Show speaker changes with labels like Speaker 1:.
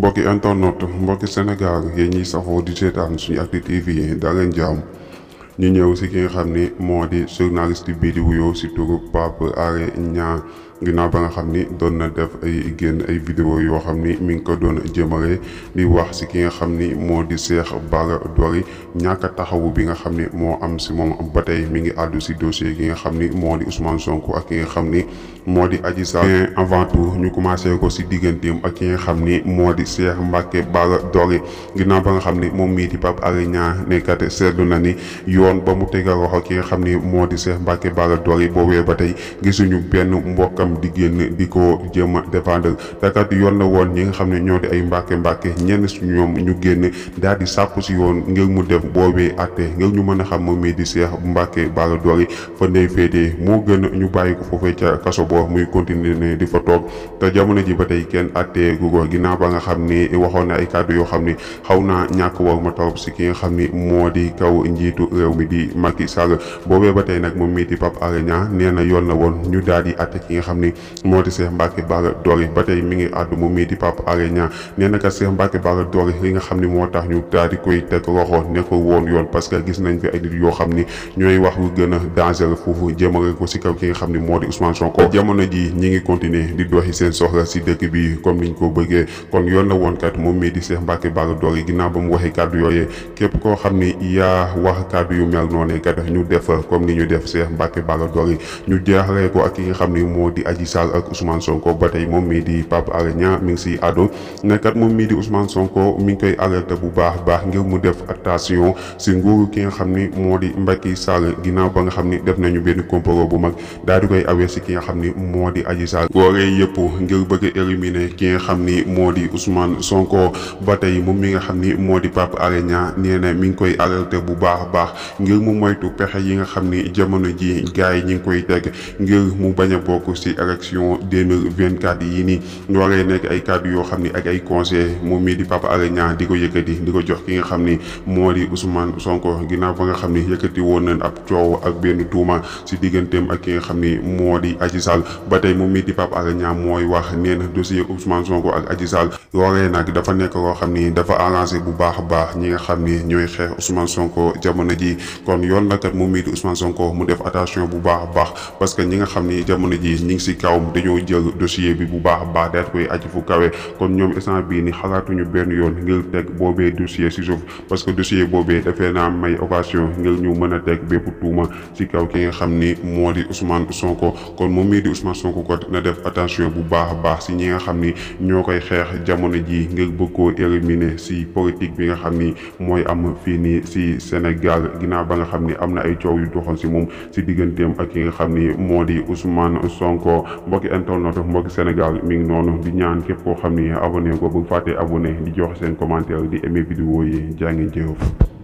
Speaker 1: mbokki internet mbokki Sénégal yéen ñiy safoo di seetaan suñu Actu TV daa leen jaam ñu ñëw si ki nga xam ni moo di journaliste bii di wuyoo si turu Pape Alé ñaa ginnaaw ba nga xam ni doon na def ay génn ay vidéo yoo xam ni mi ngi ko doon jëmale di wax si ki nga xam ni moo di Cheikh Bara Dolly ñàkk a taxawu bi nga xam ni moo am si moom ba tey mi ngi àddu si dossier ki nga xam ni moo di Ousmane ak ki nga xam ni moo di Adji Sarr mais avant tout ñu commencé ko si digganteem ak ki xam ni moo di Cheikh Mbacké Bara Dolly ginnaaw ba nga xam ni moom mii di Pape Alé Niang nekkat seetlu na ni yoon ba mu tegal loxo ki nga xam ni moo di Cheikh Mbacké Bara Dolly boobee ba tey gisuñu benn mbokkam itam di génn di ko jéem a défendre te kat yoon na woon ñi nga xam ne ñoo di ay mbàkke mbàkke ñenn su ñoom ñu génn daal di sàpp si yoon ngir mu def boobee atte ngir ñu mën a xam moom mii di Cheikh Mbacké Bara Dolly fa ndey féetee moo gën ñu bàyyi ko foofee ca kaso boo muy continuer ne di fa toog te jamono ji ba tey kenn atte gu ko ginnaaw ba nga xam ni waxoon na ay kàddu yoo xam ni xaw naa ñàkk war ma torop si ki nga xam ni moo di kaw njiitu réew mi di Macky Sall boobee ba tey nag moom mii di Pape Alé Niang yoon la woon ñu daal di atte ki nga xam xam ni moo di Cheikh Mbacke Bara Dolly ba tey mi ngi àddu mu mii di Pape Alé Niang nee na kat Cheikh Mbacke nga xam ni moo tax ñu daal koy teg loxo nekkul woon yoon parce que gis nañ fi ay nit yoo xam ni ñooy wax lu gën a foofu jëmale ko si kaw ki ji ñi ngi continuer di doxi seen soxla si dëkk bi comme niñ ko bëggee kon yoon la woon kat mii di Cheikh Mbacke Bara Dolly ginnaaw ba mu waxee kàddu yooyee képp koo xam ni yaa wax kàddu yu mel noonee kat ñu def comme ni ñu def Adji Sarr ak Ousmane Sonko ba tey moom mii di Pape Alé Niang mi ngi siy àddu nekkat moom mii di Ousmane Sonko mi ngi koy alerté bu baax baax ngir mu def attention si nguuru ki nga xam ni moo di Macky Sall ginnaaw ba nga xam ni def nañu benn complot bu mag daal di koy awee ki nga xam ni moo di Adji Sarr loolee yëpp ngir bëgg ki nga xam ni moo di Ousmane Sonko ba tey moom mi nga xam ni moo di Pape Alé Niang mi ngi koy alerté bu baax baax ngir mu moytu pexe yi nga xam ni jamono ji gars yi ñi ngi koy teg ngir mu bañ a bokk si ci élection 2024 yi nii waree nekk ay kàddu yoo xam ni ak ay conseil moom mii di Pape Alé Niang di ko yëkkati di ko jox ki nga xam ni moo di Ousmane Sonko ginnaaw ba nga xam ni yëkkati woon nañ ab coow ak benn tuuma ak ki xam ni moo di Adji Sarr ba tey moom mii di Pape Alé Niang mooy wax nee na dossier Ousmane Sonko ak Adji Sarr waree nag dafa nekk loo xam ni dafa arrangé bu baax a baax ñi nga xam ni ñooy xeex Ousmane Sonko jamono ji kon yoon la mu moom mii di Ousmane Sonko mu def attention bu baax a baax parce que ñi nga xam ni jamono ji si kawam dañoo jël dossier bi bu baax a baax daat koy aji fu kawe kon ñoom instant bii ni xalaatuñu benn yoon ngir teg boobee dossier si suuf parce que dossier boobee dafee naa may occasion ngir ñu mën a teg bépp tuuma si kaw ki nga xam ni moo di Ousmane Sonko kon moom mii di Ousmane Sonko def attention bu baax a baax si ñi nga xam ni ñoo koy xeex jamono ji ngir bëgg koo éliminer si politique bi nga xam ni mooy am fii nii si Sénégal ginnaaw ba nga xam ni am na ay coow yu doxoon si moom si digganteem ak ki nga xam ni moo di Ousmane Sonko ko mbokki internet mbokki Sénégal mi ngi noonu di ñaan képp koo xam ni abonné ko bu fàttee abonné di jox seen commentaire di aimé vidéo yi jaa ngi jëf